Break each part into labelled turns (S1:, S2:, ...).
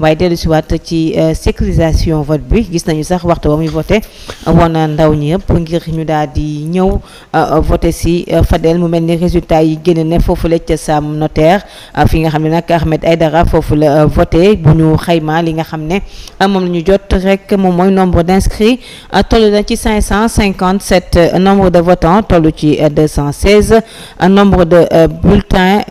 S1: waaye dellu si waat ci euh, sécurisation vote bi gis nañu sax waxtu ba muy voté woon ndaw ñi yëpp ngir ñu daal di ñëw euh, voté si euh, Fadel mu mel ni résultat yi génn ne foofu la ca Sam Notaire fi nga xam ne nag Ahmed Aïdara foofu la voté bu ñu xayma li nga xam ne moom la ñu jot rek moom mooy nombre d' inscrits toll na ci 557 nombre de votants toll ci 216 nombre de bulletins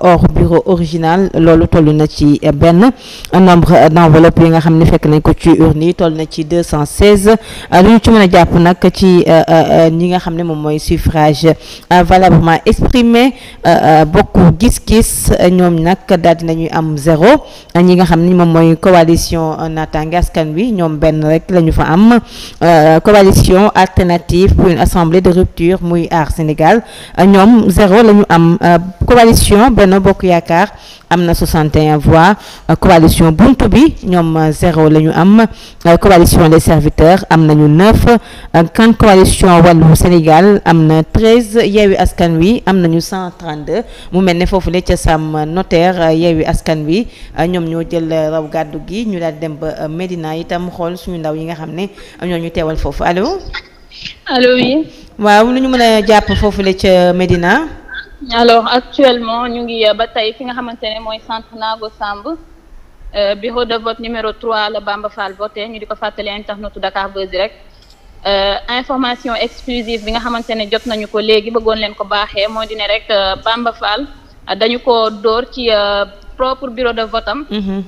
S1: hors bureau original loolu toll na ci benn. nombre d'enveloppe yi nga xam ne fekk nañ ko ci urne yi toll na ci deux cent seize euh, lu ñu ci mën a jàpp nag ci euh, euh, ñi nga xam ne moom mooy suffrage valablement exprimé bokk gis-gis ñoom nag daal dinañuy am zéro ñi nga xam ni moom mooy coalition naataange askan wi ñoom benn rek lañu fa am coalition alternative pour une assemblée de rupture muy aar Sénégal ñoom zéro la am coalition benn Bokk Yaakaar am na 61 voix euh, coalition bunt bi ñoom euh, zéro lañu am euh, coalition des serviteurs am nañu 9 kan coalition wàllu Sénégal am na 13 yeewi askan wi am nañu 132 mu mel ni foofu le ca sàmm notaire yeewi askan wi ñoom ñoo jël raw gàddu gi ñu daal dem ba Médina itam xool suñu ndaw yi nga xam ne ñoo ñu teewal foofu allo. allo oui. waaw lu ñu mën jàpp foofu le ca Médina.
S2: alors actuellement ñu ngi euh, ba tey fi nga xamante ne mooy centre Nago Samb euh, bureau de vote numéro 3 la Bamba Fall voté ñu di ko fàttali internetu Dakar Buzz rek euh, information exclusive bi nga xamante ne jot nañu ko léegi bëggoon leen ko baaxe moo di ne rek Bamba Fall dañu ko dóor ci propre bureau de vote am mhm.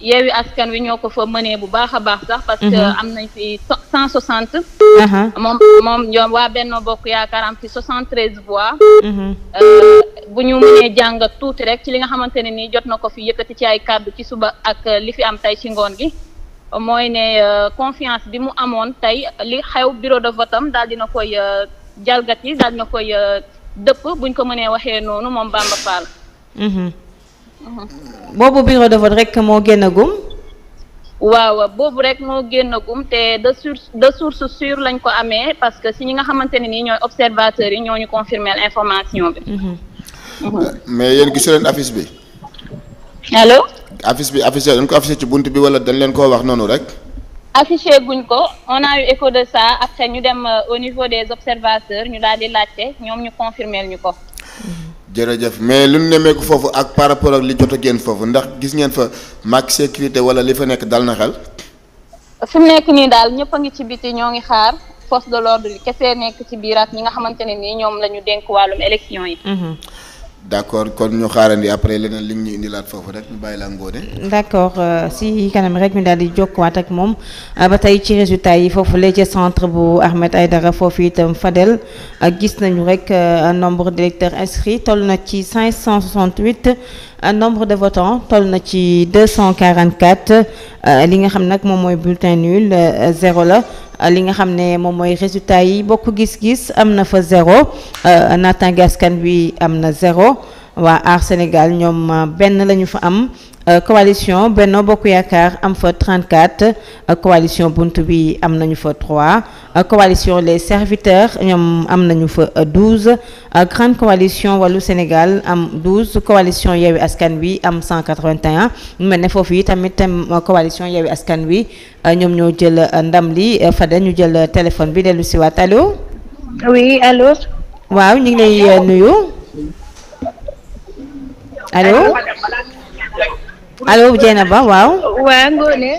S2: yeewi askan wi ñoo ko fa mënee bu baax a baax sax parce que mhm. am nañ fi cent soixante mhm. moom moom ñoom waa Benno Bokk Yaakaar am fi soixante treize voix mënee jàngat tuuti rek ci li nga xamante ne nii jot na ko fi yëkkati ci ay kàddu ci suba ak euh, li fi am tey ci ngoon gi mooy ne euh, confiance bi mu amoon tey li xew bureau de vote am daal na koy euh, jalgati daal dina koy dëpp buñ ko mënee waxee noonu moom Bamba Fall. Mhm. Mhm.
S1: boobu bureau de vote rek moo génnagum.
S2: waaw boobu rek moo génnagum te de source de source sûre lañ ko amee parce que si ñi nga xamante ne nii ñooy observateurs yi ñoo ñu confirmer l'information bi. Mhm.
S3: mais yéen gis leen affiche bi. allo. affiche bi affiché dañ ko affiché ci bunt bi wala dañ leen koo wax noonu rek.
S2: affiché guñ ko on a eu écho de ça après ñu dem euh, au niveau des observateurs ñu daal di laajte ñoom ñu confirmer ñu ko.
S3: jërëjëf mais lu nemmeeku foofu ak par rapport ak li jot a génn foofu ndax gis ngeen fa manque sécurité wala li fa nekk dal na xel.
S2: fi mu nekk nii daal ñëpp a ngi ci biti ñoo ngi xaar force de l'ordre yi kese nekk ci biir ak ñi nga xamante ne nii ñoom la ñu dénk wàllum élection yi.
S1: Mm-hmm.
S3: d' accord kon ñu xaarandi après leneen li ñu indilaat foofu rek ñu bàyyi la ngoone. d' accord
S1: euh, si kanam rek ñu daal di waat ak moom euh, ba tey ci résultat yi foofu la ci centre bu Ahmed Aïdara foofu itam Fadel euh, gis nañu rek nombre d'électeurs inscrits toll na ci 568 nombre de votants toll na ci 244 li nga xam nag moom mooy bulletin nul zéro la. li nga xam ne moom mooy résultat yi bokk gis-gis am na fa zéro euh, naataange askan wi am na zéro waa Aar Sénégal ñoom euh, benn la ñu fa am Euh, coalition Benno Bokk Yaakaar am fa 34 euh, coalition bunt bi am nañu fa 3 euh, coalition Les Serviteurs ñoom am nañu fa 12 grande coalition Wallu Sénégal am 12 coalition Yewwi Askan Wi am 181 mu mel ne foofu yi tamit coalition Yewwi Askan Wi ñoom ñoo jël ndam li Fada dañu jël téléphone bi dellu si waat waaw ñu ngi lay nuyu. alo allo Dieynaba
S2: waaw. waa Ngone.